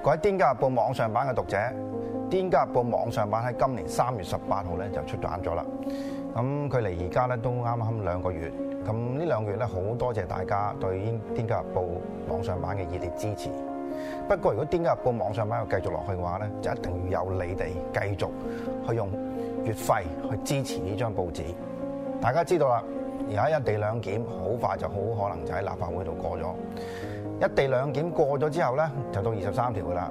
各位喺《癲狗日報》網上版嘅讀者，《癲狗日報》網上版喺今年三月十八號咧就出版咗啦。咁佢離而家咧都啱啱兩個月。咁呢兩個月咧好多謝大家對《癲狗日報》網上版嘅熱烈支持。不過，如果《癲狗日報》網上版要繼續落去嘅話咧，就一定要有你哋繼續去用月費去支持呢張報紙。大家知道啦，而家一地兩檢好快就好可能就喺立法會度過咗。一地兩檢過咗之後呢，就到二十三條噶啦。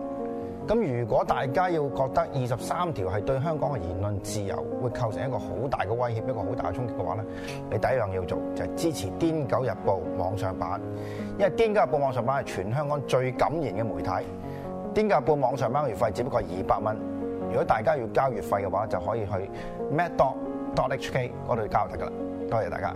咁如果大家要覺得二十三條係對香港嘅言論自由會構成一個好大嘅威脅，一個好大嘅衝擊嘅話呢，你第一樣要做就係、是、支持《癲狗日報》網上版，因為《癲狗日報》網上版係全香港最敢言嘅媒體，《癲狗日報》網上版嘅月費只不過係二百蚊。如果大家要交月費嘅話，就可以去 madoc.hk 嗰度交就得噶啦。多謝大家。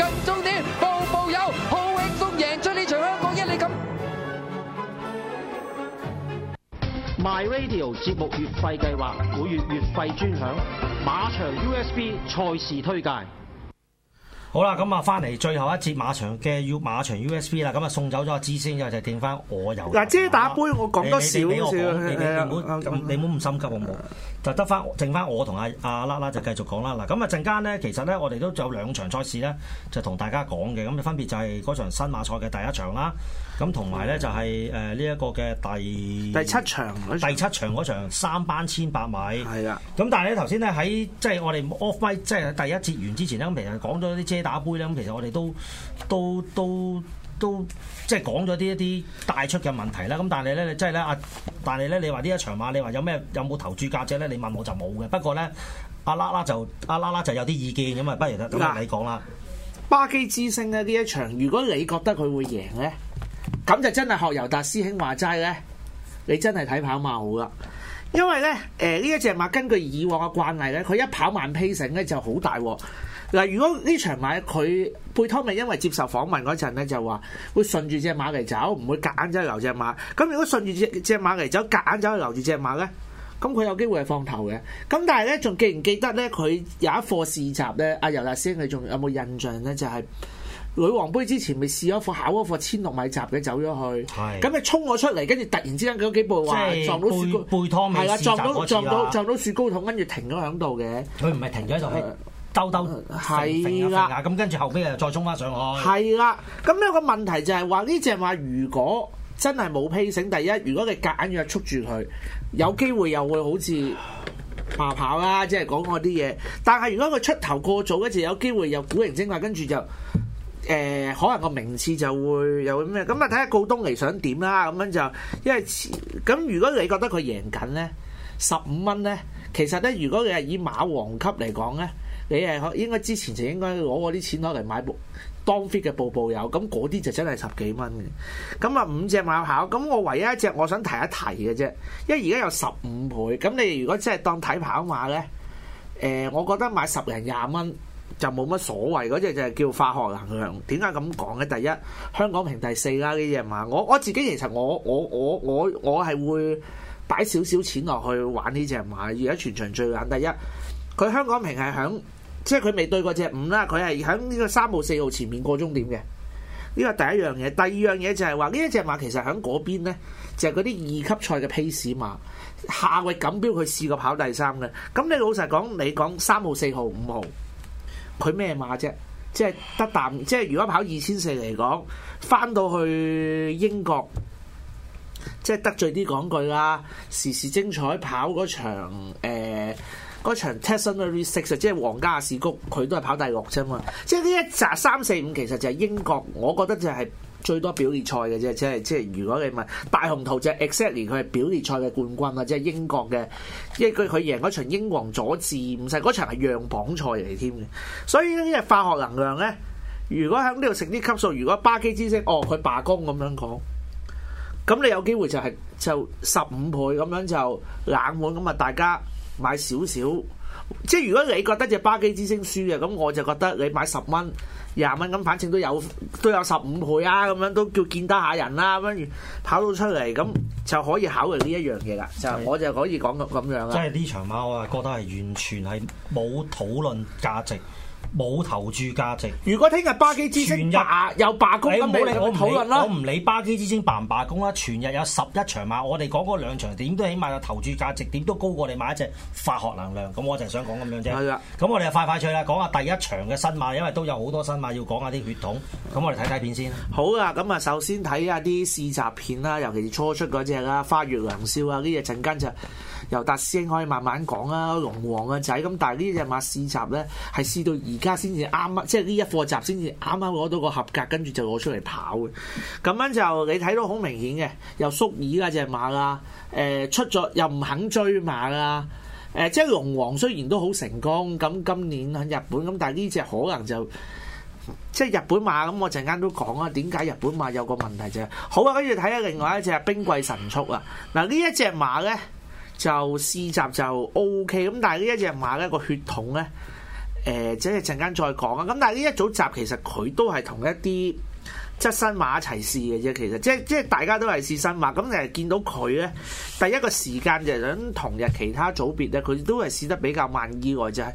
My Radio 節目月費計劃，每月月費專享，馬場 USB 賽事推介。好啦，咁啊翻嚟最後一節馬場嘅 U 馬場 USB 啦，咁啊送走咗阿之先，之後就掂翻我有。嗱，遮打杯我講多少少，你唔好唔好唔好咁心急好冇。就得翻剩翻我同阿 LakLak 就繼續講啦嗱，咁啊陣間咧，其實咧我哋都有兩場賽事咧，就同大家講嘅，咁就分別就係嗰場新馬賽嘅第一場啦，咁同埋咧就係誒呢一個嘅第第七場第七場嗰場，場，場三班千八米，係啦的。咁但係咧頭先咧喺即係我哋 off mic 即係第一節完之前咧，咁其實講咗啲遮打杯咧，咁、嗯、其實我哋都都都。都都都即係講咗呢一啲帶出嘅問題啦，咁但係咧，即係咧，啊，但係咧，你話呢一場馬，你話有咩有冇投注價值咧？你問我就冇嘅。不過咧，阿拉拉就阿拉拉就有啲意見，咁啊，不如啊，咁你講啦。巴基之星咧呢一場，如果你覺得佢會贏咧，咁就真係學尤達師兄話齋咧，你真係睇跑馬好啦。因為咧，誒、呃、呢一隻馬根據以往嘅慣例咧，佢一跑慢披 a c 咧就好大喎。嗱，如果呢場馬佢背托咪因為接受訪問嗰陣咧，就話會順住隻馬嚟走，唔會夾硬走去留隻馬。咁如果順住隻隻馬嚟走，夾硬走去留住隻馬咧，咁佢有機會係放頭嘅。咁但係咧，仲記唔記得咧？佢有一課試閘咧，阿、啊、尤達師兄，你仲有冇印象咧？就係女王杯之前，咪試咗一課考一課千六米閘嘅走咗去。係是。咁你衝我出嚟，跟住突然之間嗰幾步話是撞到雪糕桶，係啦，啊、撞到撞到撞到雪糕桶，跟住停咗喺度嘅。佢唔係停咗喺度。呃兜兜係啦，咁跟住後屘又再衝翻上去係啦。咁有個問題就係話呢隻話，如果真係冇披繩，第一，如果你夾硬約束住佢，有機會又會好似馬跑啦，即係講嗰啲嘢。但係如果佢出頭過早，跟住有機會又古靈精怪，跟住就誒，可能個名次就會又會咩咁啊？睇下告東尼想點啦。咁樣就因為咁，如果你覺得佢贏緊咧，十五蚊咧，其實咧，如果你係以馬王級嚟講咧。你係應該之前就應該攞嗰啲錢攞嚟買布當 fit 嘅步步有，咁嗰啲就真係十幾蚊嘅。咁啊五隻馬跑，咁我唯一一隻我想提一提嘅啫，因為而家有十五倍，咁你如果真係當睇跑馬咧，誒、呃，我覺得買十零廿蚊就冇乜所謂。嗰隻就係叫化學能量。點解咁講嘅？第一，香港平第四啦、啊，呢隻馬。我我自己其實我我我我我係會擺少少錢落去玩呢隻馬。而家全場最玩第一，佢香港平係響。即係佢未對過隻五啦，佢係喺呢個三號四號前面過終點嘅。呢個第一樣嘢，第二樣嘢就係話呢一隻馬其實喺嗰邊呢，就係嗰啲二級賽嘅 Pace 馬，下域錦標佢試過跑第三嘅。咁你老實講，你講三號四號五號，佢咩馬啫？即係得啖，即係如果跑二千四嚟講，翻到去英國，即係得罪啲講句啦，《時時精彩》跑嗰場、呃嗰場 tesonary six 即係皇家阿士谷，佢都係跑第六啫嘛。即係呢一集三四五，其實就係英國，我覺得就係最多表列賽嘅啫。即係即係，如果你問大雄圖就 exactly 佢係表列賽嘅冠軍啊，即係英國嘅，因為佢佢贏嗰場英皇佐治五世嗰場係讓磅賽嚟添嘅。所以呢啲係化學能量咧。如果喺呢度食啲級數，如果巴基之星哦佢罷工咁樣講，咁你有機會就係、是、就十五倍咁樣就冷門咁啊，大家。買少少，即係如果你覺得隻巴基之星輸嘅，咁我就覺得你買十蚊、廿蚊，咁反正都有都有十五倍啊，咁樣都叫見得下人啦、啊。跟住跑到出嚟，咁就可以考慮呢一樣嘢啦。就係、我就可以講咁樣啦。即係呢場馬，我係覺得係完全係冇討論價值。冇投注價值。如果聽日巴基之星罷全日一有罷工，欸、你唔好理我討論啦。我唔理巴基之星唔罷，罷工啦，全日有十一場馬，我哋講嗰兩場點都起碼有投注價值，點都高過你買一隻化學能量。咁我就係想講咁樣啫。係啊的，咁我哋就快快脆啦，講下第一場嘅新馬，因為都有好多新馬要講下啲血統。咁我哋睇睇片先。好啊，咁啊，首先睇下啲試閘片啦，尤其是初出嗰隻啊，花月良宵啊，呢隻陣間就由達師兄可以慢慢講啊。龍王嘅仔咁，但係呢隻馬試閘咧係試到二。而家先至啱，即係呢一課閘先至啱啱攞到個合格，跟住就攞出嚟跑嘅。咁樣就你睇到好明顯嘅，又縮耳啦隻馬啦，誒、呃、出咗又唔肯追馬啦，誒、呃、即係龍王雖然都好成功，咁今年喺日本咁，但係呢隻可能就即係日本馬咁。我陣間都講啊，點解日本馬有個問題就係、好啊。跟住睇下另外一隻冰貴神速啊！嗱，呢一隻馬咧就試閘就 O K，咁但係呢一隻馬咧、個血統咧。誒、呃，即係陣間再講啊！咁但係呢一組集其實佢都係同一啲即新馬一齊試嘅啫，其實即係即係大家都係試新馬。咁你誒，見到佢咧，第一個時間就響同日其他組別咧，佢都係試得比較慢，意外就係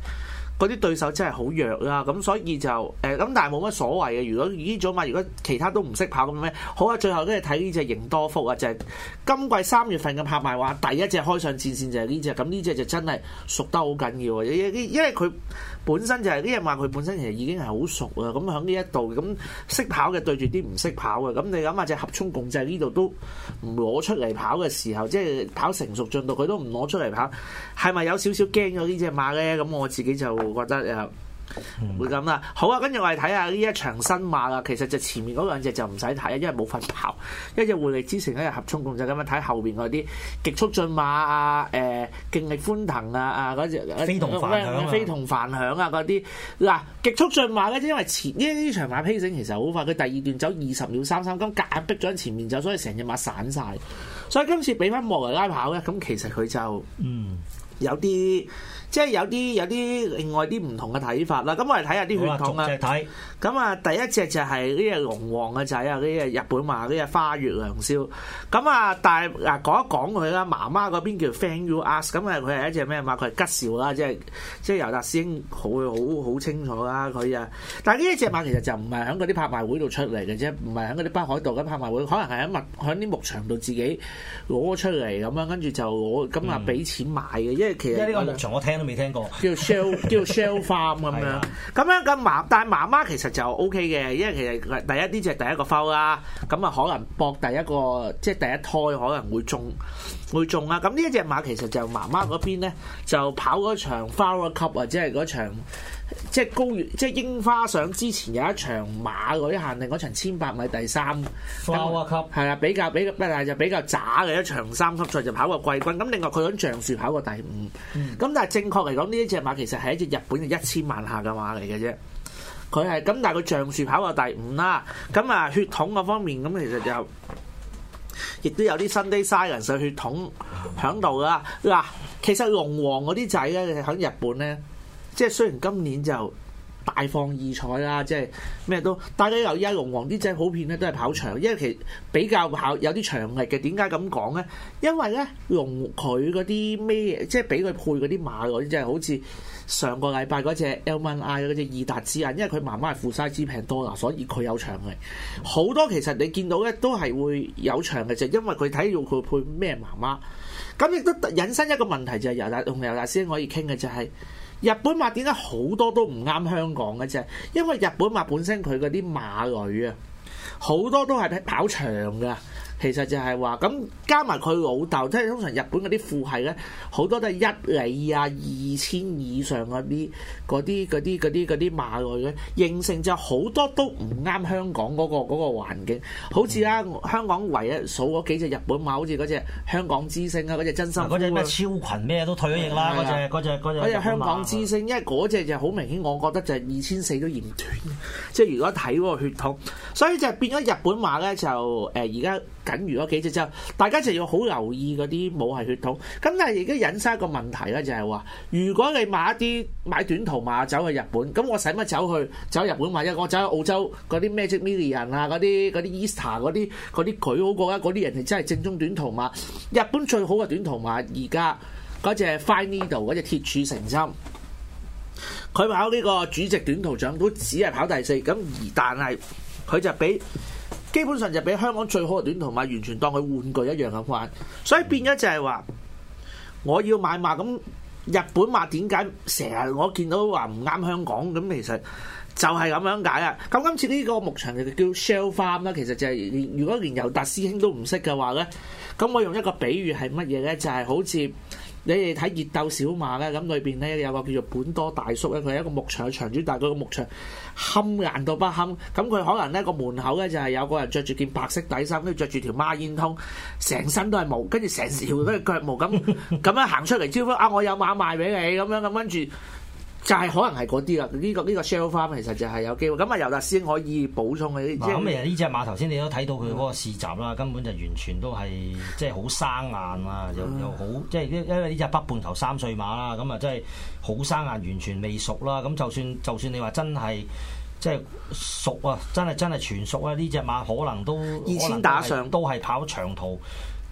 嗰啲對手真係好弱啦。咁所以就誒，咁、呃、但係冇乜所謂嘅。如果呢組馬，如果其他都唔識跑咁咩？好啊！最後都係睇呢隻盈多福啊！就係、是、今季三月份嘅拍賣會，第一隻開上戰線就係呢隻。咁呢隻就真係熟得好緊要啊！因因因為佢。本身就係啲人話佢本身其實已經係好熟啊，咁喺呢一度咁識跑嘅，對住啲唔識跑嘅，咁、嗯、你諗下隻合衝共濟呢度都唔攞出嚟跑嘅時候，即、就、係、是、跑成熟進度佢都唔攞出嚟跑，係咪有少少驚咗呢隻馬咧？咁我自己就覺得誒會咁啦。好啊，跟住我哋睇下呢一場新馬啦。其實就前面嗰兩隻就唔使睇，因為冇份跑。一隻活力之城，一隻合衝共濟，咁樣睇後邊嗰啲極速進馬啊誒。欸勁力歡騰啊！啊嗰隻非同凡響啊，非同凡響啊！嗰啲嗱極速駿馬咧，因為前呢呢場馬披繩其實好快，佢第二段走二十秒三三，咁夾硬逼咗喺前面走，所以成隻馬散晒，所以今次俾翻莫雷拉跑咧，咁其實佢就嗯。有啲即係有啲有啲另外啲唔同嘅睇法啦，咁我哋睇下啲血統啊。咁啊，第一隻就係呢隻龍王嘅仔啊，呢隻日本馬，呢隻花月良宵。咁啊，但係嗱講一講佢啦，媽媽嗰邊叫 Fan U Ask，咁啊，佢係一隻咩馬？佢係吉兆啦，即係即係尤達師兄好好好清楚啦。佢啊，但係呢一隻馬其實就唔係喺嗰啲拍賣會度出嚟嘅啫，唔係喺嗰啲北海道嘅拍賣會，可能係喺木喺啲牧場度自己攞出嚟咁樣，跟住就我咁啊俾錢買嘅一。即係其實呢個農場我聽都未聽過，叫 shell 叫 shell farm 咁 是的 樣，咁樣咁媽，但係媽媽其實就 OK 嘅，因為其實第一呢只係第一個 foal 啦，啊，咁啊可能搏第一個即係第一胎可能會中。會中啊！咁呢一隻馬其實就媽媽嗰邊咧，就跑嗰場 flower cup 或者係嗰場即係高園即係櫻花賞之前有一場馬嗰啲限定嗰場千百米第三。flower cup 係啦，比較比較，就比較渣嘅一場三級賽，就跑過季軍。咁另外佢響橡樹跑過第五。咁、嗯、但係正確嚟講，呢一隻馬其實係一隻日本嘅一千萬下嘅馬嚟嘅啫。佢係咁，但係佢橡樹跑過第五啦。咁啊，血統嗰方面咁其實就。亦都有啲 Sunday sire 嘅血統喺度啦。嗱，其實龍王嗰啲仔咧喺日本咧，即係雖然今年就大放異彩啦，即係咩都，大家係由於龍王啲仔普遍咧都係跑長，因為其實比較跑有啲長力嘅。點解咁講咧？因為咧，龍佢嗰啲咩，即係俾佢配嗰啲馬嗰啲，就係好似。上個禮拜嗰隻 LNI 嗰隻意達之啊，因為佢媽媽係富晒支平多啊，所以佢有長嘅。好多其實你見到咧都係會有長嘅，就因為佢睇到佢配咩媽媽。咁亦都引申一個問題，就係尤達同尤達師可以傾嘅就係、是、日本馬點解好多都唔啱香港嘅啫？因為日本馬本身佢嗰啲馬女啊，好多都係喺跑長噶。其實就係話咁加埋佢老豆，即係通常日本嗰啲父系咧，好多都係一哩啊二千以上嗰啲啲啲啲啲馬來嘅，形成就好多都唔啱香港嗰、嗰個嗰、嗰個、環境。好似啦，香港唯一數嗰幾隻日本馬，好似嗰隻香港之星啊，嗰隻真心嗰隻咩超群咩都退咗役啦，嗰、啊、隻嗰隻，隻，隻，隻香港之星，因為嗰隻就好明顯，我覺得就係二千四都嫌短，即 係如果睇嗰個血統，所以就變咗日本馬咧就誒而家。僅如嗰幾隻之後，大家就要好留意嗰啲母系血統。咁但係而家引生一個問題啦，就係話，如果你買一啲買短途馬走去日本，咁我使乜走去走日本買？因為我走去澳洲嗰啲咩 Magic Million 啊，嗰啲嗰啲 Easter 嗰啲嗰啲，佢好過啊！嗰啲人係真係正宗短途馬。日本最好嘅短途馬而家嗰隻 Fine Needle 嗰隻鐵柱成針，佢跑呢個主席短途獎都只係跑第四。咁而但係佢就比。基本上就俾香港最好嘅短途，同埋完全當佢玩具一樣咁玩，所以變咗就係話我要買馬。咁日本馬點解成日我見到話唔啱香港，咁其實就係咁樣解啊！咁今次呢個牧場就叫 Shell Farm 啦，其實就係、是、如果連尤達師兄都唔識嘅話呢，咁我用一個比喻係乜嘢呢？就係、是、好似。你哋睇熱鬥小馬咧，咁裏邊咧有個叫做本多大叔咧，佢係一個牧場嘅場主，但係佢個牧場冚硬到不堪，咁佢可能咧個門口咧就係有個人着住件白色底衫，跟住着住條孖煙通，成身都係毛，跟住成條都係腳毛，咁咁樣行出嚟招呼，啊我有馬賣俾你，咁樣咁跟住。就係可能係嗰啲啦，呢、這個呢、這個 shell farm 其實就係有機會咁啊。尤達師可以補充佢嘅。咁其實，呢隻馬頭先你都睇到佢嗰個試集啦，根本就完全都係即係好生硬啊，又又好即係因因為呢隻北半球三歲馬啦，咁啊真係好生硬，完全未熟啦。咁就算就算你話真係即係熟啊，真係真係全熟咧，呢隻馬可能都二千打上都係跑長途。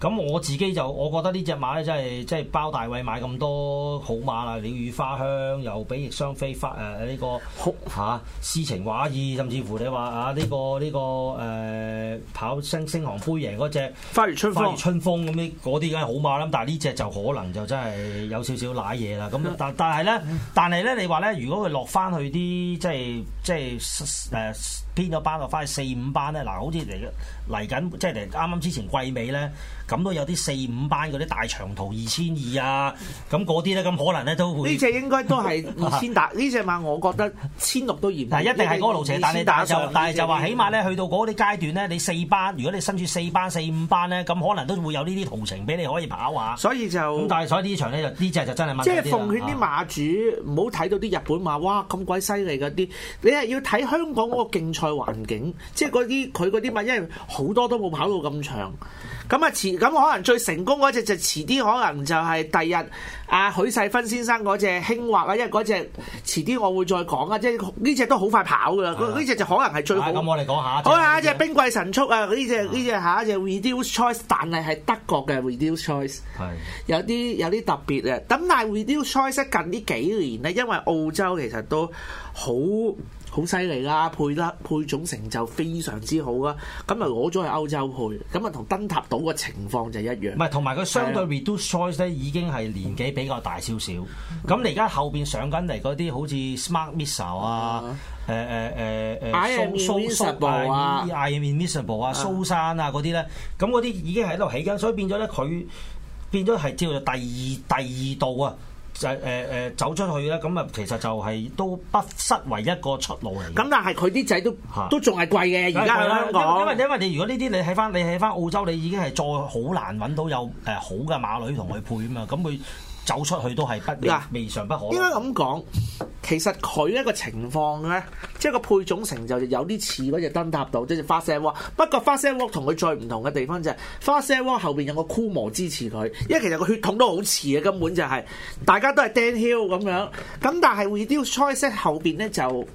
咁我自己就，我覺得隻呢隻馬咧，真係即係包大衛買咁多好馬啦，鳥語花香又比翼雙飛翻，誒呢個嚇詩、啊、情畫意，甚至乎你話啊呢、這個呢、這個誒、呃、跑星星航杯贏嗰隻，花如春風，花如春風咁啲啲，梗係好馬啦，但係呢隻就可能就真係有少少瀨嘢啦。咁但但係咧，但係咧、嗯，你話咧，如果佢落翻去啲即係。即係誒編咗班落翻去四五班咧，嗱，好似嚟嚟緊，即係嚟啱啱之前季尾咧，咁都有啲四五班嗰啲大長途二千二啊，咁嗰啲咧，咁可能咧都會呢隻應該都係二千打，呢隻 馬我覺得千六都嫌。但係一定係嗰路斜，但係但係就話這些 起碼咧，去到嗰啲階段咧，你四班，如果你身處四班四五班咧，咁可能都會有呢啲途程俾你可以跑下。所以就咁，但係所以呢場咧就呢隻就真係掹。即係奉勸啲馬主唔好睇到啲日本馬哇咁鬼犀利嗰啲，即係要睇香港嗰個競賽環境，即係嗰啲佢嗰啲咪因為好多都冇跑到咁長。咁啊，遲咁可能最成功嗰隻就是、遲啲，可能就係第日阿、啊、許世芬先生嗰隻興華啊。因為嗰隻遲啲我會再講啊，即係呢隻都好快跑噶。呢隻就可能係最好。咁、啊、我哋講下一，好啦，即、啊、兵貴神速啊！呢隻呢隻嚇，就、啊、Reduce Choice，但係係德國嘅 Reduce Choice、啊。係有啲有啲特別啊。咁但 Reduce Choice 近呢幾年咧，因為澳洲其實都好。好犀利啦，配得配種成就非常之好啊！咁咪攞咗去歐洲配，咁啊同登塔島嘅情況就一樣。唔係，同埋佢相對 reduce size 咧，已經係年紀比較大少少。咁、嗯、你而家後邊上緊嚟嗰啲好似 smart missile 啊，誒誒誒誒 invisible 啊 invisible 啊，蘇生啊嗰啲咧，咁嗰啲已經喺度起緊，所以變咗咧佢變咗係叫做第二第二道啊！就誒誒走出去咧，咁啊其實就係都不失為一個出路嚟。咁但係佢啲仔都都仲係貴嘅，而家喺香港。因為因為你如果呢啲你喺翻你喺翻澳洲，你已經係再好難揾到有誒好嘅馬女同佢配嘛，咁佢。走出去都係不嗱，在未嘗不可。應該咁講，其實佢一個情況咧，即係個配種成就就有啲似嗰隻登塔度，即係花石鍋。不過花石鍋同佢最唔同嘅地方就係，花石鍋後邊有個 Coolmore 支持佢，因為其實個血統都好似嘅根本就係、是，大家都係 Danehill 咁樣。咁但係 Redoute's Choice 後邊咧就。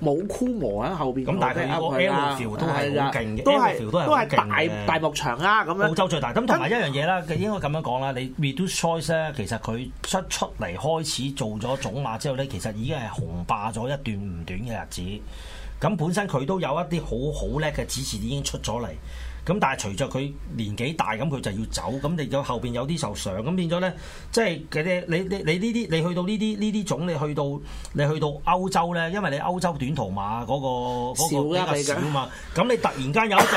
冇箍磨喺後邊，咁但係個 l v 都係好勁嘅，都係都係大大牧場啦，咁樣澳洲最大。咁同埋一樣嘢啦，嗯、應該咁樣講啦，你 Reduce Choice 咧，其實佢出出嚟開始做咗種馬之後咧，其實已經係紅霸咗一段唔短嘅日子。咁本身佢都有一啲好好叻嘅指示已經出咗嚟。咁但係隨着佢年紀大，咁佢就要走，咁你後面有後邊有啲受傷，咁變咗咧，即係嗰啲你你你呢啲你去到呢啲呢啲種，你去到你去到歐洲咧，因為你歐洲短途馬嗰個嗰個比較少嘛，咁你突然間有一隻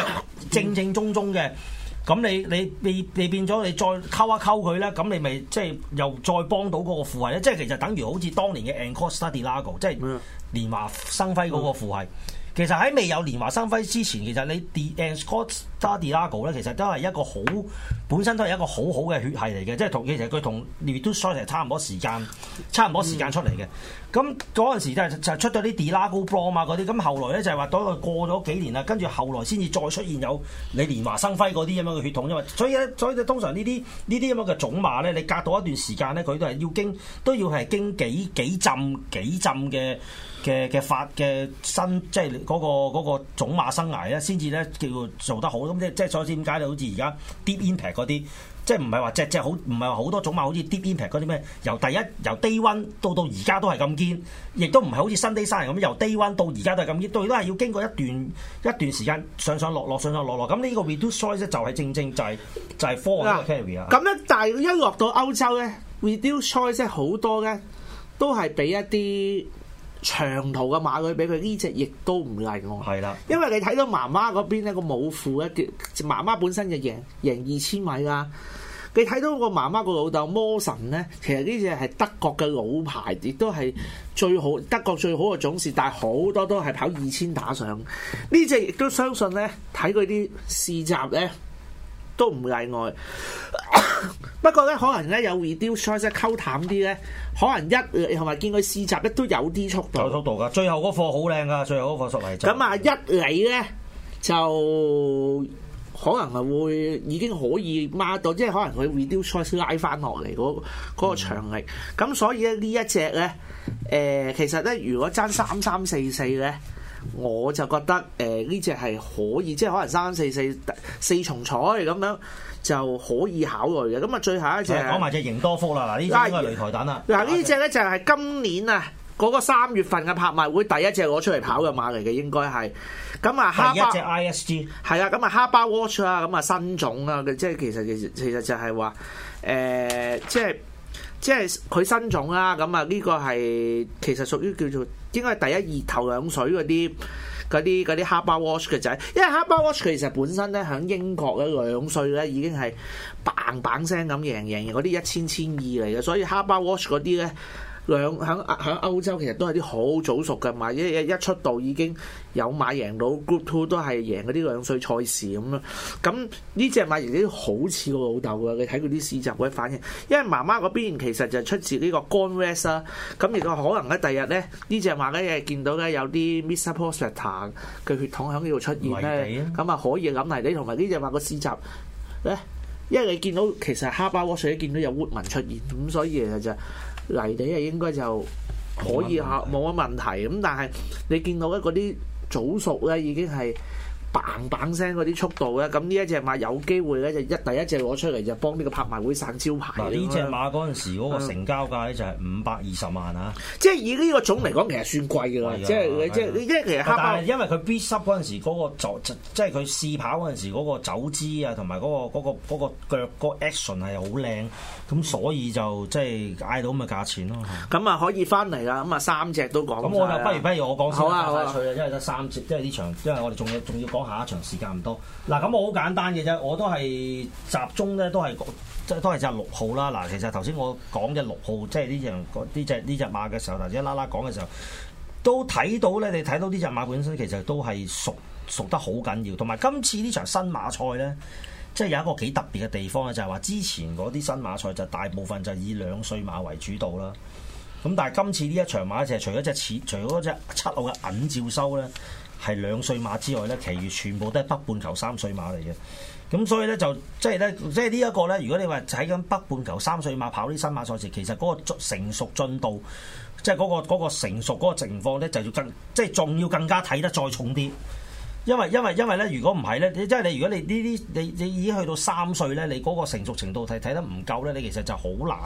正正宗宗嘅，咁你你你你變咗你再溝一溝佢咧，咁你咪即係又再幫到嗰個父系咧，即係其實等於好似當年嘅 Encosta de Lago 即係年華生輝嗰個父系。嗯嗯。其實喺未有連華生輝之前，其實你 Encosta de Lago 咧，其實都係一個好本身都係一個好好嘅血系嚟嘅，即係同其實佢同 Reduction 差唔多時間，差唔多時間出嚟嘅。咁嗰陣時就就出咗啲 Delago Brom 啊、嗰啲，咁後來咧就係話當佢過咗幾年啦，跟住後來先至再出現有你連華生輝嗰啲咁樣嘅血統，因為所以咧，所以通常呢啲呢啲咁樣嘅種馬咧，你隔到一段時間咧，佢都係要經都要係經幾幾浸幾浸嘅。嘅嘅法嘅新，即係嗰、那個嗰、那個種馬生涯咧，先至咧叫做做得好。咁即即係所以點解你好似而家 Deep Impact 嗰啲，即係唔係話隻隻好，唔係話好多種馬好似 Deep Impact 嗰啲咩？由第一由低 a 到到而家都係咁堅，亦都唔係好似新 d a 人咁，由低 a 到而家都係咁堅，都係要經過一段一段時間上上落落上上落落。咁呢個 Reduce s i z e 就係正正就係、是、就係科學咁咧，但係一落到歐洲咧，Reduce s i z e 好多咧都係俾一啲。長途嘅馬女俾佢呢隻亦都唔例外，係啦的。因為你睇到媽媽嗰邊咧，呢個母父咧，媽媽本身就贏贏二千米噶、啊。你睇到個媽媽個老豆魔神呢，其實呢隻係德國嘅老牌，亦都係最好德國最好嘅種系，但係好多都係跑二千打上。呢隻亦都相信呢，睇佢啲試閘呢，都唔例外。不過咧，可能咧有 reduce size 溝淡啲咧，可能一同埋見佢試集咧都有啲速度，有速度噶。最後嗰貨好靚噶，最後嗰貨屬泥咁啊，一嚟咧就可能係會已經可以孖到，即係可能佢 reduce size 拉翻落嚟嗰嗰個長力。咁所以咧呢一隻咧，誒、呃，其實咧如果爭三三四四咧，我就覺得誒呢隻係可以，即係可能三三四四四重彩咁樣。就可以考慮嘅咁啊！最後一隻講埋隻盈多福啦，嗱呢隻應該係擂台蛋啦。嗱呢隻咧就係今年啊嗰個三月份嘅拍賣會第一隻攞出嚟跑嘅馬嚟嘅，應該係咁啊。下一隻 ISG 係啊，咁啊哈巴 watch 啊，咁啊新種啊，即係其實其實，其實就係話誒，即係即係佢新種啦。咁啊呢個係其實屬於叫做應該係第一二頭兩水嗰啲。嗰啲嗰啲哈巴 watch 嘅仔，因為哈巴 watch 其實本身咧喺英國嘅兩歲咧已經係嘭嘭聲咁贏贏，嗰啲一千千二嚟嘅，所以哈巴 watch 嗰啲咧。兩喺喺歐洲，其實都係啲好早熟嘅馬，一一出道已經有馬贏到 Group Two，都係贏嗰啲兩歲賽事咁啦。咁呢隻馬已經好似個老豆噶，你睇佢啲試閘嗰啲反應，因為媽媽嗰邊其實就出自呢個 Gone West 啦。咁亦家可能喺第日咧，隻馬呢隻馬咧又見到咧有啲 Mr. Prospector 嘅血統喺呢度出現咧，咁機啊可以諗泥你同埋呢隻馬個試閘咧，因為你見到其實哈巴窩水見到有 Woodman 出現，咁所以其實、就係。泥地啊，應該就可以嚇冇乜問題咁，但係你見到咧嗰啲早熟咧已經係。棒棒聲嗰啲速度咧，咁呢一隻馬有機會咧就一第一隻攞出嚟就幫呢個拍賣會曬招牌。呢隻馬嗰陣時嗰個成交價咧就係五百二十萬啊！嗯、即係以呢個種嚟講，其實算貴㗎啦、那個。即係即係，因為佢 breeze up 嗰時嗰個即係佢試跑嗰陣時個走姿啊，同埋嗰個嗰、嗰個嗰、嗰個腳嗰 action 係好靚，咁所以就即係嗌到咁嘅價錢咯、啊。咁啊、嗯、可以翻嚟啦，咁啊三隻都講咁我啊，不如不如我講少少快趣啊，啊因為得三隻，因為呢場因為我哋仲仲要講。下一場時間唔多，嗱咁我好簡單嘅啫，我都係集中咧，都係即係都係就六號啦。嗱，其實頭先我講嘅六號，即係呢隻嗰呢隻呢隻馬嘅時候，頭先拉拉講嘅時候，都睇到咧，你睇到呢隻馬本身其實都係熟熟得好緊要，同埋今次呢場新馬賽咧，即係有一個幾特別嘅地方咧，就係話之前嗰啲新馬賽就大部分就以兩歲馬為主導啦。咁但係今次呢一場馬就係除咗隻除咗隻七路嘅銀照收咧。係兩歲馬之外咧，其餘全部都係北半球三歲馬嚟嘅，咁所以咧就即係咧，即係呢一個咧，如果你話喺咁北半球三歲馬跑呢新馬賽時，其實嗰個成熟進度，即係嗰個成熟嗰個情況咧，就要更即係仲要更加睇得再重啲。因為因為因為咧，如果唔係咧，你即係你，如果你呢啲你你已經去到三歲咧，你嗰個成熟程度睇睇得唔夠咧，你其實就好難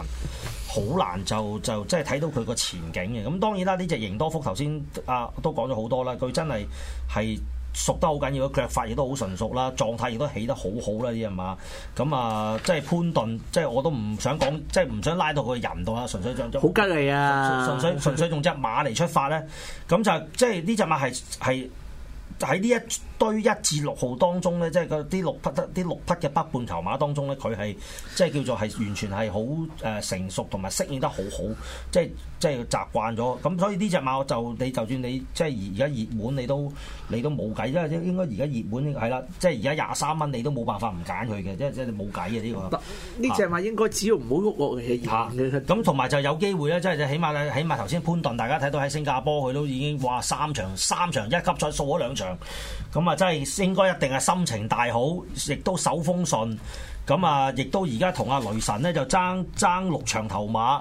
好難就就即係睇到佢個前景嘅。咁、嗯、當然啦，呢隻盈多福頭先啊都講咗好多啦，佢真係係熟得好緊要，腳法亦都好純熟啦，狀態亦都起得好好啦，呢隻馬。咁、嗯、啊，即係潘頓，即係我都唔想講，即係唔想拉到佢人度啦，純粹將將好犀利啊純！純粹純粹用隻馬嚟出發咧，咁就即係呢隻馬係係。就喺呢一。堆一至六號當中咧，即係嗰啲六匹得啲六匹嘅北半球馬當中咧，佢係即係叫做係完全係好誒成熟同埋適應得好好，即係即係習慣咗。咁所以呢隻馬就你就算你即係而家熱門，就是，你都你都冇計，因為應應該而家熱門係啦，即係而家廿三蚊，你都冇辦法唔揀佢嘅，即係即係冇計嘅呢個。呢隻馬應該只要唔好喐我嘅熱門嘅，咁同埋就有機會咧，即係即係起碼咧，起碼頭先潘頓，大家睇到喺新加坡佢都已經話三場三場一級再掃咗兩場咁。嗯咁啊，真係應該一定係心情大好，亦都手風順。咁啊，亦都而家同阿雷神呢就爭爭六場頭馬。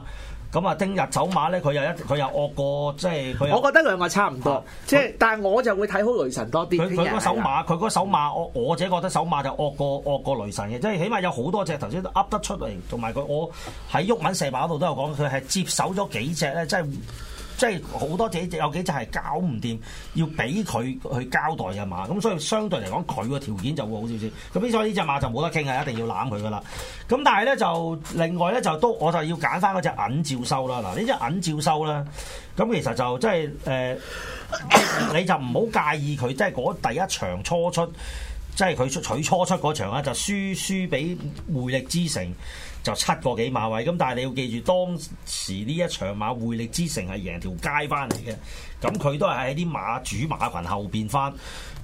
咁啊，聽日走馬呢，佢又一佢又惡過，即係，我覺得兩個差唔多。啊、即係，但係我就會睇好雷神多啲。佢佢嗰手馬，佢嗰嗎手馬，我我自己覺得手馬就惡過惡過雷神嘅，即係，起碼有好多隻頭先噏得出嚟，同埋佢我喺鬱文射馬度都有講，佢係接手咗幾隻呢。即係。即係好多隻有幾隻係搞唔掂，要俾佢去交代嘅馬，咁所以相對嚟講，佢個條件就會好少少。咁所以呢隻馬就冇得傾啊，一定要攬佢噶啦。咁但係呢就另外呢就都我就要揀翻嗰隻銀照收啦。嗱，呢隻銀照收啦。咁其實就即係誒，你就唔好介意佢即係嗰第一場初出，即係佢出取初出嗰場啊，就輸輸俾匯力之城，就七個幾馬位。咁但係你要記住，當時呢一場馬匯力之城係贏條街翻嚟嘅。咁佢都係喺啲馬主馬群後邊翻。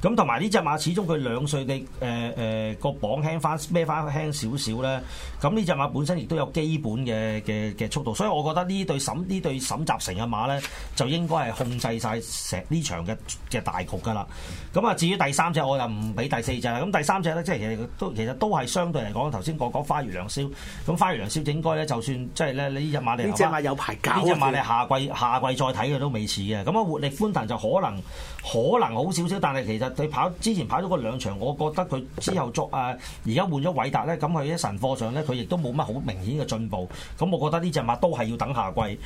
咁同埋呢隻馬始終佢兩歲嘅，誒誒個磅輕翻，孭翻輕少少咧。咁呢隻馬本身亦都有基本嘅嘅嘅速度，所以我覺得對對呢對沈呢對沈集成嘅馬咧，就應該係控制晒成呢場嘅嘅大局㗎啦。咁啊，至於第三隻我就唔俾第四。咁，第三隻咧，即係其實都其實都係相對嚟講，頭先我講花月良宵，咁花月良宵應該咧，就算即係咧，你依隻馬嚟，依隻馬有排搞啊！依隻馬嚟下季下季再睇嘅都未遲嘅，咁啊活力寬騰就可能。可能好少少，但係其實佢跑之前跑咗個兩場，我覺得佢之後作誒而家換咗韋達咧，咁喺一晨課上咧，佢亦都冇乜好明顯嘅進步。咁我覺得呢隻馬都係要等下季。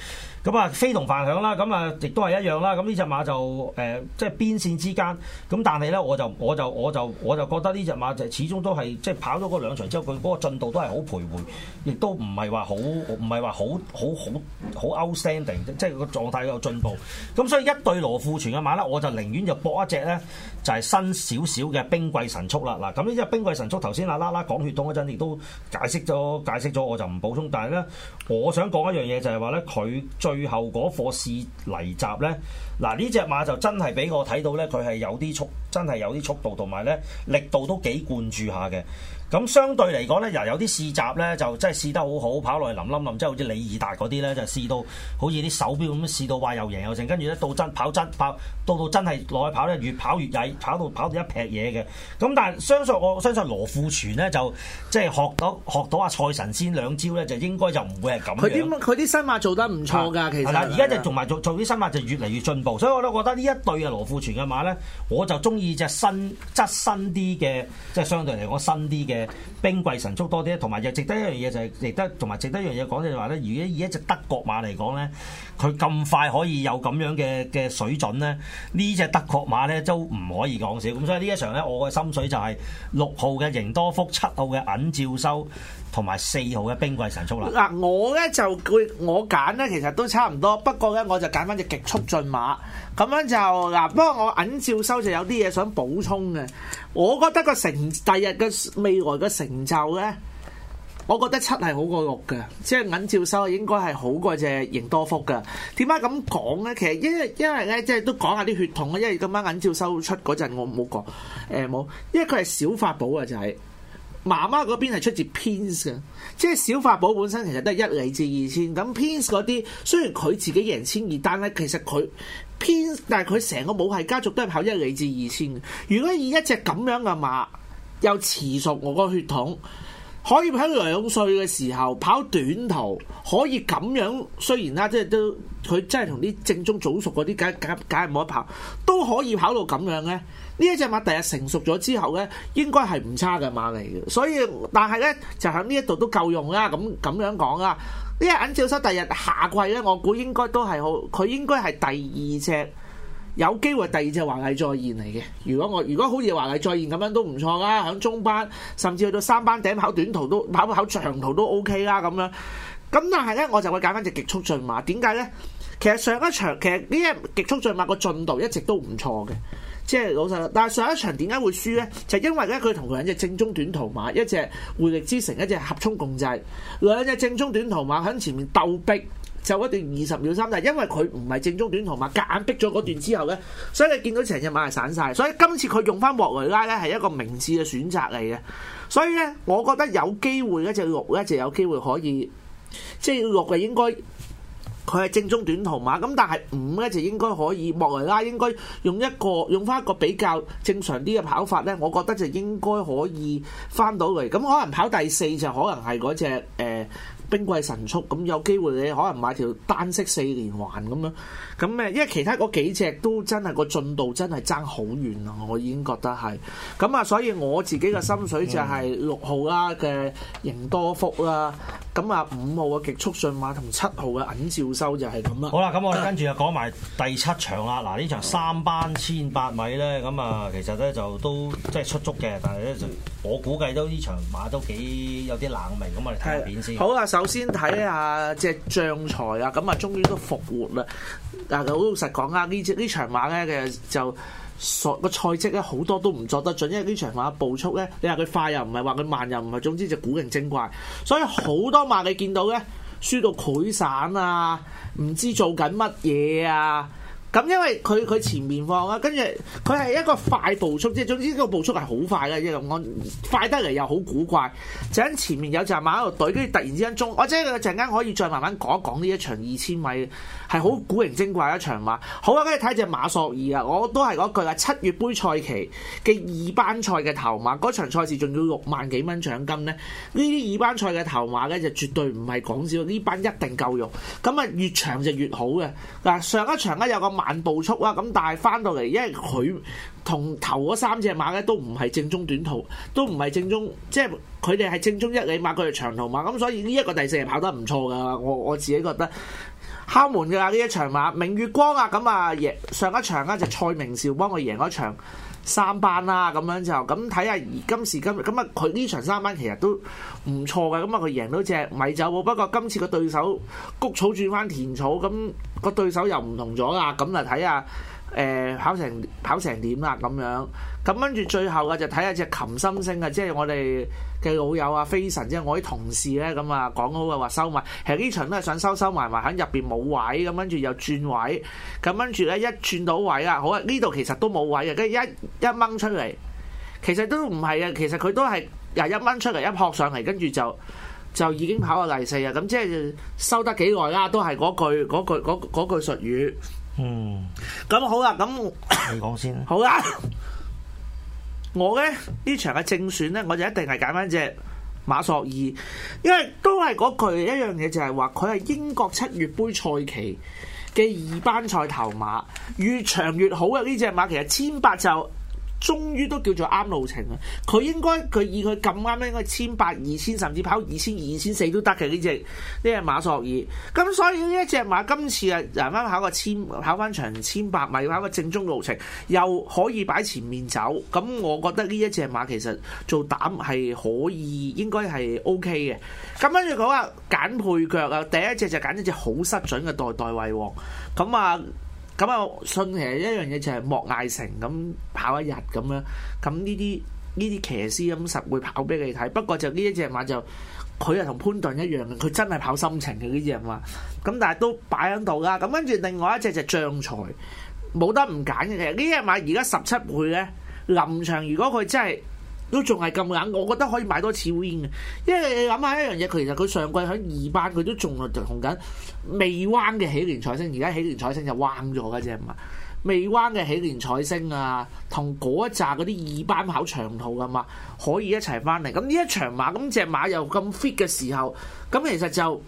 咁啊，非同凡響啦。咁啊，亦都係一樣啦。咁呢隻馬就誒即係邊線之間，咁但係咧，我就我就我就我就覺得呢隻馬始就始終都係即係跑咗嗰兩場之後佢個進度都係好徘徊，亦都唔係話好唔係話好好好好 outstanding，即係個狀態有進步。咁所以一對羅富全嘅馬咧，我就零。寧願就搏一隻咧，就係新少少嘅兵貴神速啦！嗱，咁呢隻兵貴神速，頭先阿 Lak Lak 講血統嗰陣，亦都解釋咗，解釋咗我就唔補充。但係咧，我想講一樣嘢就係話咧，佢最後嗰課試泥閘咧，嗱，呢隻馬就真係俾我睇到咧，佢係有啲速，真係有啲速度，同埋咧，力度都幾灌注下嘅。咁相對嚟講咧，又有啲試集咧，就真係試得好好，跑落去冧冧冧，即係好似李二達嗰啲咧，就試到好似啲手錶咁，試到話又型又正，跟住咧到真跑真跑，到到真係落去跑咧，越跑越曳，跑到跑到一劈嘢嘅。咁但係相信我相信羅富全咧，就即係學到學到阿蔡神仙兩招咧，就應該就唔會係咁。佢啲佢啲新馬做得唔錯㗎，其實係啦，而家就做埋做做啲新馬就越嚟越進步，所以我都覺得呢一對啊羅富全嘅馬咧，我就中意隻新質新啲嘅，即係相對嚟講新啲嘅。嘅兵貴神速多啲，同埋又值得一樣嘢就係、是，值得同埋值得一樣嘢講就係話咧，如果以一隻德國馬嚟講咧，佢咁快可以有咁樣嘅嘅水準咧？呢隻德國馬咧都唔可以講少，咁所以呢一場咧，我嘅心水就係六號嘅盈多福、七號嘅銀照收同埋四號嘅冰貴神速啦。嗱，我咧就會我揀咧，其實都差唔多，不過咧我就揀翻隻極速進馬，咁樣就嗱。不過我銀照收就有啲嘢想補充嘅，我覺得個成第日嘅未來嘅成就咧。我覺得七係好過六嘅，即係銀照收應該係好過隻盈多福嘅。點解咁講呢？其實因為因為咧，即係都講下啲血統咯。因為咁啱銀照收出嗰陣，我冇講誒冇，因為佢係小法寶啊，就係、是、媽媽嗰邊係出自 Pins 嘅，即係小法寶本身其實都係一哩至二千。咁 Pins 嗰啲雖然佢自己贏千二單咧，但其實佢 Pins 但係佢成個母系家族都係跑一哩至二千，如果以一隻咁樣嘅馬又持續我個血統。可以喺兩歲嘅時候跑短途，可以咁樣，雖然啦，即係都佢真係同啲正宗早熟嗰啲，梗梗梗係冇得跑，都可以跑到咁樣咧。呢一隻馬第日成熟咗之後咧，應該係唔差嘅馬嚟嘅。所以，但係咧就喺呢一度都夠用啦。咁咁樣講啦，呢一銀照生第日下季咧，我估應該都係好，佢應該係第二隻。有機會第二隻華麗再現嚟嘅，如果我如果好似華麗再現咁樣都唔錯啦，響中班甚至去到三班頂跑短途都跑跑長途都 OK 啦咁樣。咁但係呢，我就會揀翻隻極速進馬。點解呢？其實上一場其實呢隻極速進馬個進度一直都唔錯嘅，即係老實，但係上一場點解會輸呢？就因為呢，佢同佢兩隻正宗短途馬，一隻匯力之城，一隻合衝共濟，兩隻正宗短途馬喺前面鬥逼。就嗰段二十秒三，但係因為佢唔係正宗短途馬，夾硬逼咗嗰段之後呢，所以你見到成隻馬係散晒。所以今次佢用翻莫雷拉呢係一個明智嘅選擇嚟嘅。所以呢，我覺得有機會呢，隻六呢就有機會可以，即係六就應該佢係正宗短途馬。咁但係五呢就應該可以，莫雷拉應該用一個用翻一個比較正常啲嘅跑法呢，我覺得就應該可以翻到嚟。咁可能跑第四就可能係嗰隻誒。兵貴神速，咁有機會你可能買條單式四連環咁樣。咁咩？因為其他嗰幾隻都真係個進度真係爭好遠啦，我已經覺得係。咁啊，所以我自己嘅心水就係六號啦嘅盈多福啦。咁啊，五號嘅極速駿馬同七號嘅銀照收就係咁啦。好啦，咁我哋跟住就講埋第七場、嗯、啦。嗱，呢場三班千八米咧，咁啊，其實咧就都即係出足嘅，但係咧就我估計都呢場馬都幾有啲冷門。咁我哋睇下片先。好啊，首先睇下隻將才啊，咁啊終於都復活啦。但係好老實講啊，呢隻呢場馬咧嘅就個賽績咧好多都唔作得準，因為呢場馬嘅步速咧，你話佢快又唔係，話佢慢又唔係，總之就古靈精怪，所以好多馬你見到咧輸到潰散啊，唔知做緊乜嘢啊！咁、嗯、因為佢佢前面放啦，跟住佢係一個快步速，即係總之個步速係好快啦，即係咁快得嚟又好古怪。就喺前面有隻馬喺度隊，跟住突然之間中，我即係佢陣間可以再慢慢講一講呢一場二千米係好古靈精怪嘅一場馬。好啊，跟住睇隻馬索爾啊，我都係嗰句話，七月杯賽期嘅二班賽嘅頭馬，嗰場賽事仲要六萬幾蚊獎金咧。呢啲二班賽嘅頭馬咧就絕對唔係講笑，呢班一定夠用。咁啊越長就越好嘅嗱，上一場咧有個慢步速啊，咁但係翻到嚟，因為佢同頭嗰三隻馬咧都唔係正宗短途，都唔係正宗，即係佢哋係正宗一哩馬，佢哋長途馬，咁所以呢一個第四日跑得唔錯噶，我我自己覺得敲門㗎呢、啊、一場馬明月光啊，咁啊贏上一場啊就是、蔡明紹幫我贏嗰場。三班啦，啊，咁樣就咁睇下。今時今日咁啊，佢呢場三班其實都唔錯嘅，咁啊佢贏到隻米酒，不過今次個對手谷草轉翻田草，咁個對手又唔同咗啦，咁啊睇下。誒、呃、跑成跑成點啦咁樣，咁跟住最後嘅就睇下隻琴心星啊！即係我哋嘅老友啊，飛神即係我啲同事咧咁啊，講好嘅話收埋。其實場呢場都係想收收埋埋，喺入邊冇位，咁跟住又轉位，咁跟住咧一轉到位啊，好啊！呢度其實都冇位嘅，跟住一一掹出嚟，其實都唔係啊，其實佢都係嗱一掹出嚟一撲上嚟，跟住就就已經跑過第四啊！咁即係收得幾耐啦，都係嗰句嗰句嗰句術語。嗯，咁好啦，咁你講先好啦， 我呢呢場嘅正選呢，我就一定係揀翻隻馬索爾，因為都係嗰句一樣嘢，就係話佢係英國七月杯賽期嘅二班賽頭馬，越長越好嘅呢隻馬，其實千八就。終於都叫做啱路程啦！佢應該佢以佢咁啱咧，應該千八二千甚至跑二千二千四都得嘅呢隻呢隻馬索爾。咁所以呢一隻馬今次啊，難啱跑個千跑翻場千八，咪跑個正宗路程，又可以擺前面走。咁我覺得呢一隻馬其實做膽係可以，應該係 O K 嘅。咁跟住講啊，揀配腳啊，第一隻就揀一隻好失準嘅代代為王。咁啊～咁啊，信其實一樣嘢就係莫艾成咁跑一日咁樣，咁呢啲呢啲騎師咁實會跑俾你睇。不過就呢一隻馬就佢係同潘頓一樣嘅，佢真係跑心情嘅呢隻馬。咁但係都擺喺度㗎。咁跟住另外一隻就將才冇得唔揀嘅。呢一隻馬而家十七倍咧，臨場如果佢真係～都仲係咁硬，我覺得可以買多次 win 嘅，因為你諗下一樣嘢，其實佢上季喺二班佢都仲同緊未彎嘅喜蓮彩星，而家喜蓮彩星就彎咗嘅啫嘛。未彎嘅喜蓮彩星啊，同嗰一紮嗰啲二班跑長途嘅嘛，可以一齊翻嚟。咁呢一場馬，咁隻馬又咁 fit 嘅時候，咁其實就。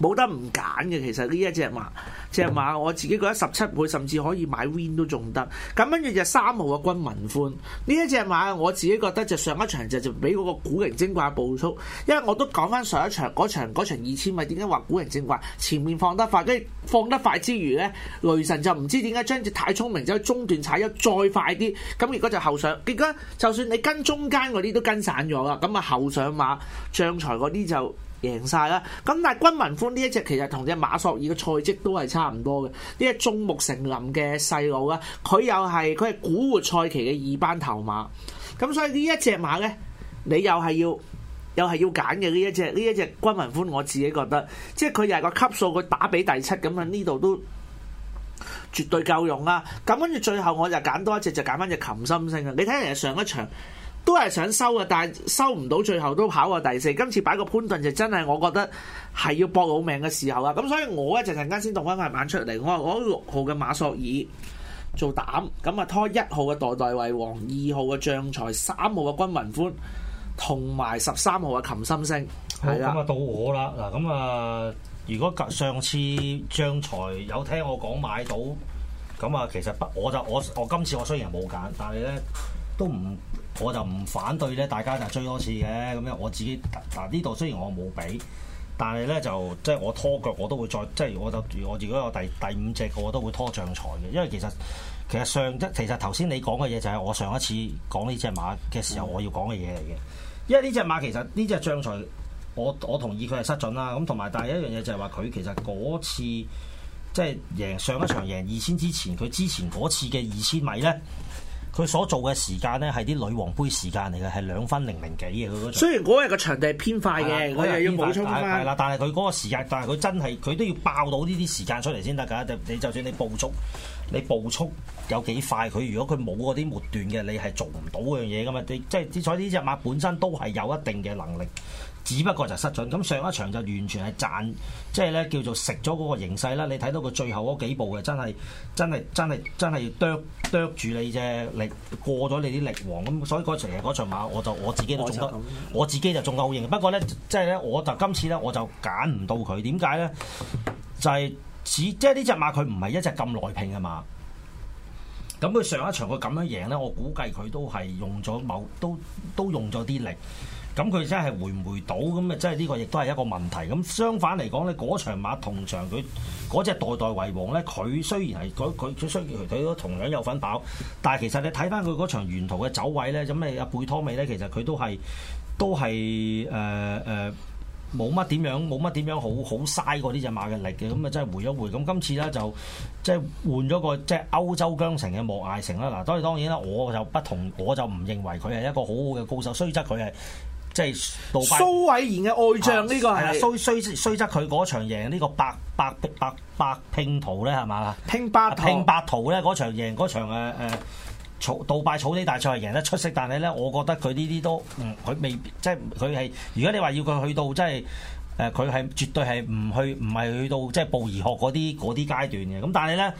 冇得唔揀嘅，其實呢一隻馬，隻馬我自己覺得十七倍甚至可以買 Win 都仲得。咁跟住就三號嘅軍民寬呢一隻馬，我自己覺得就上一場就就畀嗰個古靈精怪步速，因為我都講返上一場嗰場嗰場二千米點解話古靈精怪前面放得快，跟住放得快之餘呢，雷神就唔知點解將隻太聰明走去中段踩得再快啲，咁結果就後上。結果就算你跟中間嗰啲都跟散咗啦，咁啊後上馬將才嗰啲就。贏晒啦！咁但係君文歡呢一隻其實同隻馬索爾嘅賽績都係差唔多嘅，呢一種種木成林嘅細路啊，佢又係佢係古活賽期嘅二班頭馬，咁所以呢一隻馬呢，你又係要又係要揀嘅呢一隻呢一隻君文歡，我自己覺得，即係佢又係個級數，佢打俾第七咁啊，呢度都絕對夠用啦、啊。咁跟住最後我就揀多一隻，就揀翻隻琴心星啊！你睇人哋上一場。都係想收嘅，但係收唔到，最後都跑過第四。今次擺個潘頓就真係，我覺得係要搏老命嘅時候啊。咁所以我一陣間先動翻個眼出嚟，我我六號嘅馬索爾做膽，咁啊拖一號嘅代代為王，二號嘅將才，三號嘅均文歡，同埋十三號嘅琴心星。好咁啊，到我啦嗱。咁啊，如果上次將才有聽我講買到咁啊，其實不我就我我今次我雖然冇揀，但係咧都唔。我就唔反對咧，大家就追多次嘅咁樣。我自己嗱呢度雖然我冇俾，但係咧就即係我拖腳，我都會再即係我就我如果我第第五隻，我都會拖將才嘅。因為其實其實上一其實頭先你講嘅嘢就係我上一次講呢隻馬嘅時候我要講嘅嘢嚟嘅。嗯、因為呢隻馬其實呢隻將才，我我同意佢係失準啦。咁同埋第一樣嘢就係話佢其實嗰次即係、就是、贏上一場贏二千之前，佢之前嗰次嘅二千米咧。佢所做嘅時間咧係啲女王杯時間嚟嘅，係兩分零零幾嘅佢嗰。雖然嗰日嘅場地係偏快嘅，我了又要補充啊啦，但係佢嗰個時間，但係佢真係佢都要爆到呢啲時間出嚟先得㗎。就你就算你步速，你步速有幾快，佢如果佢冇嗰啲末段嘅，你係做唔到嗰樣嘢㗎嘛。你即係所以呢隻馬本身都係有一定嘅能力。只不過就失準，咁上一場就完全係賺，即係咧叫做食咗嗰個形勢啦。你睇到佢最後嗰幾步嘅，真係真係真係真係要啄啄住你啫，力過咗你啲力王咁，所以嗰場嗰場馬我就我自己都中得，我，我自己就中歐型。不過咧，即係咧，我就今次咧我就揀唔到佢，點解咧？就係、似、只即係呢隻馬佢唔係一隻咁耐拼嘅馬，咁佢上一場佢咁樣贏咧，我估計佢都係用咗某都都用咗啲力。咁佢真係回唔回到咁啊？即係呢個亦都係一個問題。咁相反嚟講呢嗰場馬同場佢嗰隻代代為王呢，佢雖然係佢佢佢雖然佢都同樣有份跑，但係其實你睇翻佢嗰場沿途嘅走位呢，咁咪阿背拖尾呢，其實佢都係都係誒誒冇乜點樣冇乜點樣好好嘥過呢隻馬嘅力嘅。咁啊，真係回咗回。咁今次呢，就即係換咗個即係歐洲疆城嘅莫艾城啦。嗱，所以當然啦，我就不同，我就唔認為佢係一個好好嘅高手，雖則佢係。即係杜拜蘇偉賢嘅外將呢個係雖雖雖則佢嗰場贏呢個百百百百拼圖咧係嘛？拼百拼百圖咧嗰場贏嗰場誒草、呃、杜拜草地大賽係贏得出色，但係咧我覺得佢呢啲都佢、嗯、未即係佢係如果你話要佢去到即係誒佢係絕對係唔去唔係去到即係暴而學嗰啲嗰啲階段嘅，咁但係咧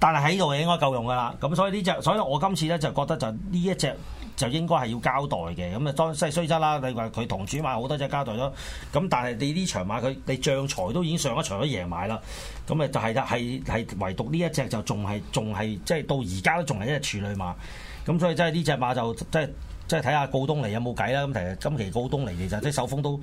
但係喺度應該夠用㗎啦。咁所以呢、這、隻、個、所以我今次咧就覺得就呢一隻。就應該係要交代嘅咁啊，當即係雖則啦。你話佢同主馬好多隻交代咗，咁但係你呢場馬佢你將財都已經上一場都贏馬啦，咁咪就係喇，係係唯獨呢一隻就仲係仲係即係到而家都仲係一隻處女馬，咁所以即係呢隻馬就即係。即係睇下告東尼有冇計啦，咁其實今期告東尼其實即係手風都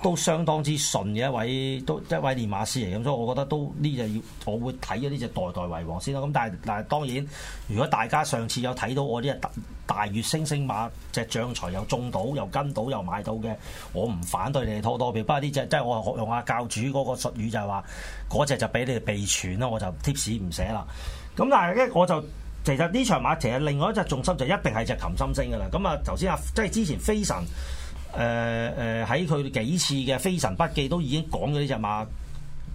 都相當之順嘅一位都一位練馬師嚟咁，所以我覺得都呢隻要我會睇咗呢隻代代為王先啦。咁但係但係當然，如果大家上次有睇到我呢隻大月星星馬隻將才又中到又跟到又買到嘅，我唔反對你哋拖多票。不過呢隻即係我用阿教主嗰個術語就係話嗰隻就俾你哋備存啦，我就貼士唔寫啦。咁但係咧我就。其實呢場馬其實另外一隻重心就一定係隻琴心星嘅啦。咁啊頭先啊，即係之前飛神誒誒喺佢幾次嘅飛神筆記都已經講咗呢隻馬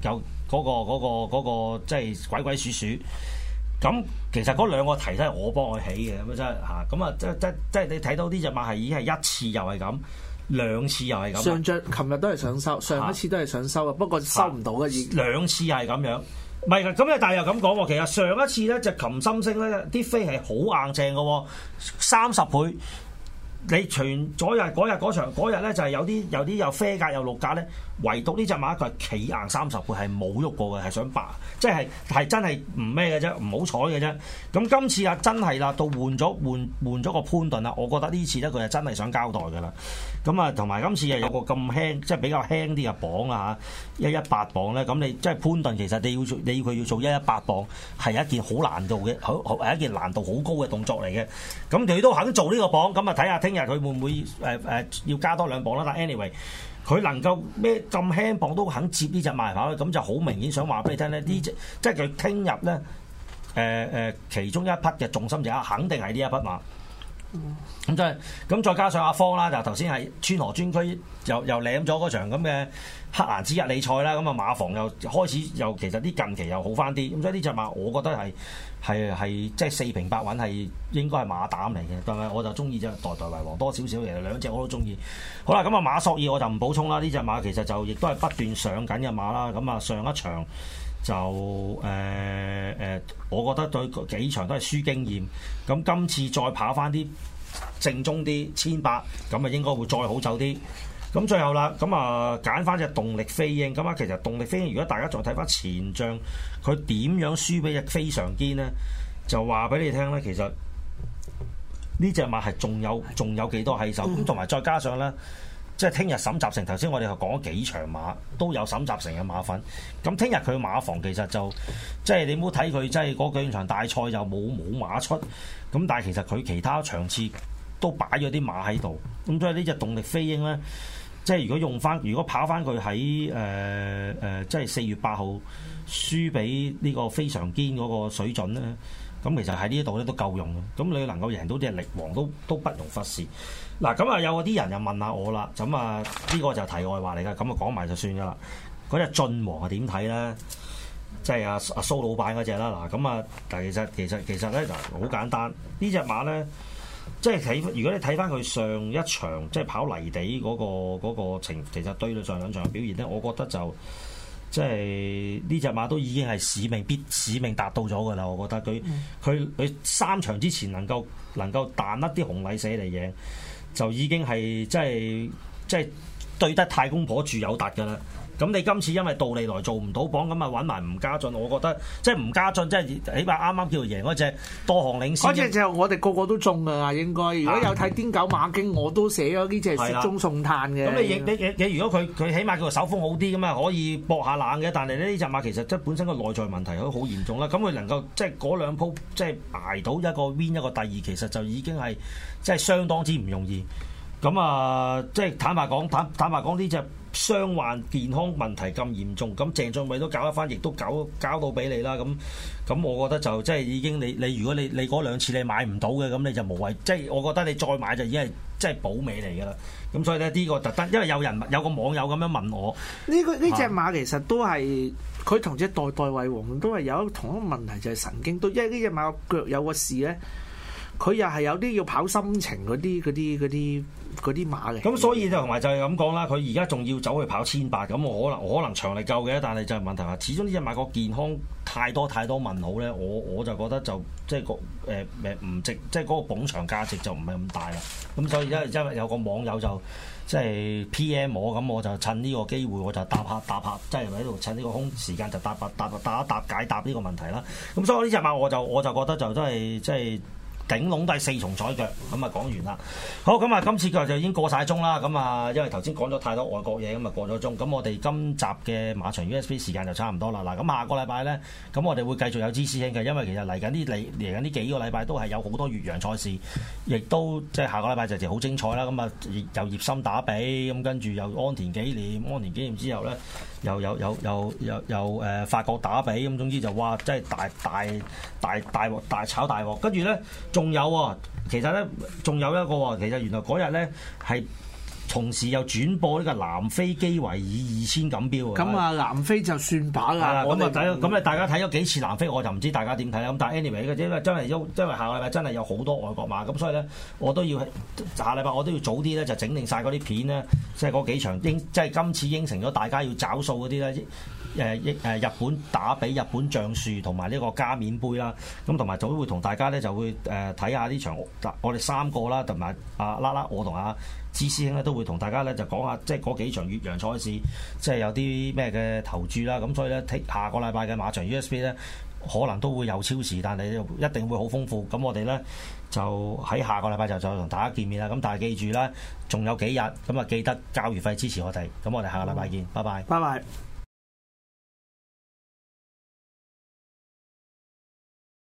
有嗰個、嗰個、嗰個、嗰個、即係鬼鬼祟祟。咁其實嗰兩個題都係我幫佢起嘅，咁啊真係嚇。咁啊即即即係你睇到呢隻馬係已經係一次又係咁，兩次又係咁。上著琴日都係想收，上一次都係想收啊，不過收唔到嘅、啊。兩次係咁樣。唔係，咁咧，大又咁講喎。其實上一次咧，隻琴心星咧，啲飛係好硬正嘅喎、哦，三十倍。你全左日嗰日嗰場嗰日咧，就係、是、有啲有啲又飛格又六格咧。唯獨呢隻馬佢係企硬三十倍係冇喐過嘅，係想拔，即係係真係唔咩嘅啫，唔好彩嘅啫。咁今次啊，真係啦，到換咗換換咗個潘頓啦，我覺得呢次咧佢係真係想交代嘅啦。咁啊，同埋今次又有個咁輕，即係比較輕啲嘅磅啦嚇，一一八磅咧。咁你即係潘頓其實你要你要佢要做一一八磅，係一件好難做嘅，好係一件難度好高嘅動作嚟嘅。咁佢都肯做呢個磅，咁啊睇下聽日佢會唔會誒誒、呃呃、要加多兩磅啦。但係 anyway。佢能夠咩咁輕磅都肯接呢隻賣跑咧，咁就好明顯想話俾你聽咧。這是他呢隻即係佢聽日咧，誒誒其中一匹嘅重心就肯定係呢一匹馬。咁即係咁，嗯、再加上阿方啦，就頭先係川河專區又又領咗嗰場咁嘅黑蘭之一理賽啦。咁啊，馬房又開始又其實啲近期又好翻啲咁，所以呢隻馬我覺得係係係即係四平八穩，係應該係馬膽嚟嘅，但係我就中意就代代為王多少少。其實兩隻我都中意。好啦，咁啊馬索爾我就唔補充啦。呢隻馬其實就亦都係不斷上緊嘅馬啦。咁啊上一場。就誒誒、呃呃，我覺得對幾場都係輸經驗。咁今次再跑翻啲正宗啲千八，咁啊應該會再好走啲。咁最後啦，咁啊揀翻隻動力飛鷹。咁啊，其實動力飛鷹，如果大家再睇翻前仗，佢點樣輸俾隻非常堅呢？就話俾你聽呢，其實呢隻馬係仲有仲有幾多喺手。咁同埋再加上呢。即係聽日沈集成頭先，我哋係講咗幾場馬都有沈集成嘅馬份。咁聽日佢馬房其實就，即係你唔好睇佢，即係嗰幾場大賽就冇冇馬出，咁，但係其實佢其他場次都擺咗啲馬喺度。咁所以呢隻動力飛鷹咧，即係如果用翻，如果跑翻佢喺誒誒，即係四月八號輸俾呢個非常堅嗰個水準咧。咁其實喺呢度咧都夠用，咁你能夠贏到隻力王都都不容忽視。嗱、啊，咁啊有啲人又問下我啦，咁啊呢個就題外話嚟㗎，咁啊講埋就算噶啦。嗰隻俊王係點睇咧？即係阿阿蘇老闆嗰隻啦，嗱咁啊，但其實其實其實咧就好簡單。隻呢隻馬咧，即係睇，如果你睇翻佢上一場，即係跑泥地嗰個嗰個情，其實對上兩場嘅表現咧，我覺得就。即係呢隻馬都已經係使命必使命達到咗噶啦，我覺得佢佢佢三場之前能夠能夠彈甩啲紅泥屎嚟贏，就已經係即係即係對得太公婆住有達噶啦。咁你今次因為道利來做唔到磅，咁啊揾埋吳家俊，我覺得即係吳家俊即係起碼啱啱叫做贏嗰隻多項領先。嗰隻就我哋個個都中㗎啦，應該。如果有睇癲狗馬經，我都寫咗呢隻雪中送炭嘅。咁你，你，你如果佢佢起碼叫做手風好啲，咁啊可以搏下冷嘅。但係呢隻馬其實即係本身個內在問題都好嚴重啦。咁佢能夠即係嗰兩鋪即係排到一個 win 一個第二，其實就已經係即係相當之唔容易。咁啊，即係坦白講，坦坦白講，呢隻傷患健康問題咁嚴重，咁鄭俊偉都搞一翻，亦都搞搞到俾你啦。咁咁，我覺得就即係已經，你你如果你你嗰兩次你買唔到嘅，咁你就無謂。即係我覺得你再買就已經係即係保尾嚟噶啦。咁所以咧，呢、呢個特登，因為有人有個網友咁樣問我，呢、呢個呢隻、呢個、馬其實都係佢同隻代代為王都係有同一個問題，就係、係、神經都，因為呢隻馬腳有個事咧。佢又係有啲要跑心情嗰啲啲啲啲馬嚟。咁所以就同埋就係咁講啦。佢而家仲要走去跑千八，咁我可能我可能場力夠嘅，但係就係問題係，始終呢隻馬個健康太多太多問號咧，我我就覺得就即係個誒唔值，即係嗰、嗰個捧場價值就唔係咁大啦。咁所以因因為有個網友就即係 PM 我，咁我就趁呢個機會，我就答下答下，即係喺度趁呢個空時間就答答答答一答，答解答呢個問題啦。咁所以我呢隻馬我就我就覺得就真係即係。即頂籠第四重彩腳，咁啊講完啦。好，咁啊今次就已經過晒鐘啦。咁啊，因為頭先講咗太多外國嘢，咁啊過咗鐘。咁我哋今集嘅馬場 USB 時間就差唔多啦。嗱，咁下個禮拜呢，咁我哋會繼續有資訊傾嘅，因為其實嚟緊呢嚟嚟緊啲幾個禮拜都係有好多越洋賽事，亦都即係、就是、下個禮拜就就好精彩啦。咁啊，又葉森打比，咁跟住又安田紀念，安田紀念之後呢。又有有有有有誒法國打比，咁總之就哇，真係大大大大鑊大炒大鑊，跟住咧仲有喎，其實咧仲有一個喎，其實原來嗰日咧係。同時又轉播呢個南非基維爾二千錦標，咁啊是南非就算把啦。咁啊，咁啊大家睇咗幾次南非，我就唔知大家點睇啦。咁但係 anyway，因為真係真係下個禮拜真係有好多外國馬，咁所以咧，我都要下禮拜我都要早啲咧就整定晒嗰啲片咧，即係嗰幾場即係、就是、今次應承咗大家要找數嗰啲咧，誒誒日本打俾日本橡樹同埋呢個加冕杯啦，咁同埋早會同大家咧就會誒睇下呢場，我哋三個啦同埋阿 LakLak 我同阿。知師兄咧都會同大家咧就講下，即係嗰幾場越洋賽事，即係有啲咩嘅投注啦。咁所以咧，下個禮拜嘅馬場 USB 咧，可能都會有超時，但係一定會好豐富。咁我哋咧就喺下個禮拜就再同大家見面啦。咁但係記住啦，仲有幾日，咁啊記得交月費支持我哋。咁我哋下個禮拜見，拜拜。拜拜。